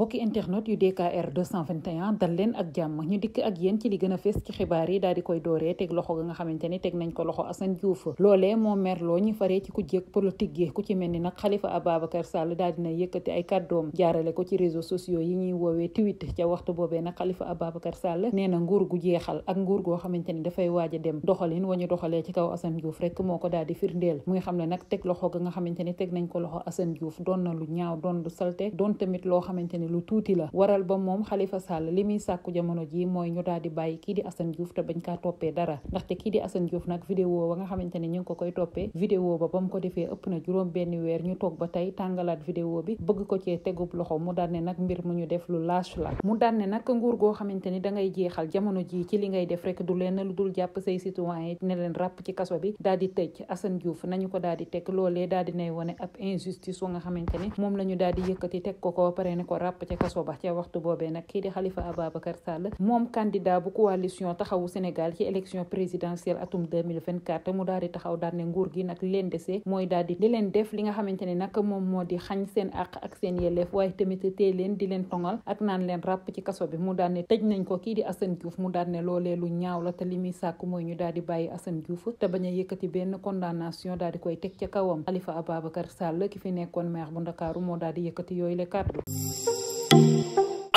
mbokki internet yu DKR 221 dal leen ak jàmm ñu dikk ak yéen ci li gën a fees ci xibaar yi daal di koy dooree teg loxo ga nga xamante ni teg nañ ko loxo Assane Diouf loolee moo ku jéeg politique gi ku ci mel ni nag Khalifa Ababacar Sall daal dina yëkkati ko ci yi ñuy woowee tweet ca waxtu boobee nag Khalifa Ababacar Sall nee na nguur gu jeexal ak nguur goo xamante ni dafay waaj a dem doxalin wañu doxalee ci kaw Assane Diouf rek moo ko daal di firndeel mu ngi xam ne nag teg loxo ga nga xamante ni teg nañ ko loxo Assane Diouf doon na lu ñaaw doon lu salte doon tamit loo xamante lu tuuti la waral ba moom Khalifa Sall li sàkku jamono ji mooy ñu daal bàyyi kii di Assane Diouf ko koy toppee vidéo ba ba mu ko defee ëpp na juróom bi bëgg ko cee tegub loxo mu daan ne nag mbir mu ñu lu lâche la mu daan ne nag nguur goo xamante ni dangay jeexal jamono ji li ngay def rek du leen lu dul jàpp say citoyen yi ne leen ràpp ci kaso nañu ko daal di teg loolee daal di nay wone ab injustice wa nga xamante moom la ñu yëkkati teg ko ko pare ne ko ràpp jàpp ca kaso ba waxtu boobee nag kii di Khalifa Ababacar Sall moom candidat bu coalition taxawu Sénégal ci élection présidentielle atum 2024 mu daal di taxaw daal ne nguur gi nag leen dese mooy daal di di leen def li nga xamante ne nag moom moo di xañ seen àq ak seen yelleef waaye tamit tee leen di leen tongal ak naan leen ràpp ci kaso bi mu daal ne tëj nañ ko kii di Assane Diouf mu daal ne lu ñaaw la te li muy sàkk mooy ñu daal di bàyyi Assane Diouf te bañ a yëkkati benn condamnation daal di koy teg ca kawam Khalifa Ababacar Sall ki fi nekkoon maire bu Ndakaaru moo daal di yëkkati yooyu le kàddu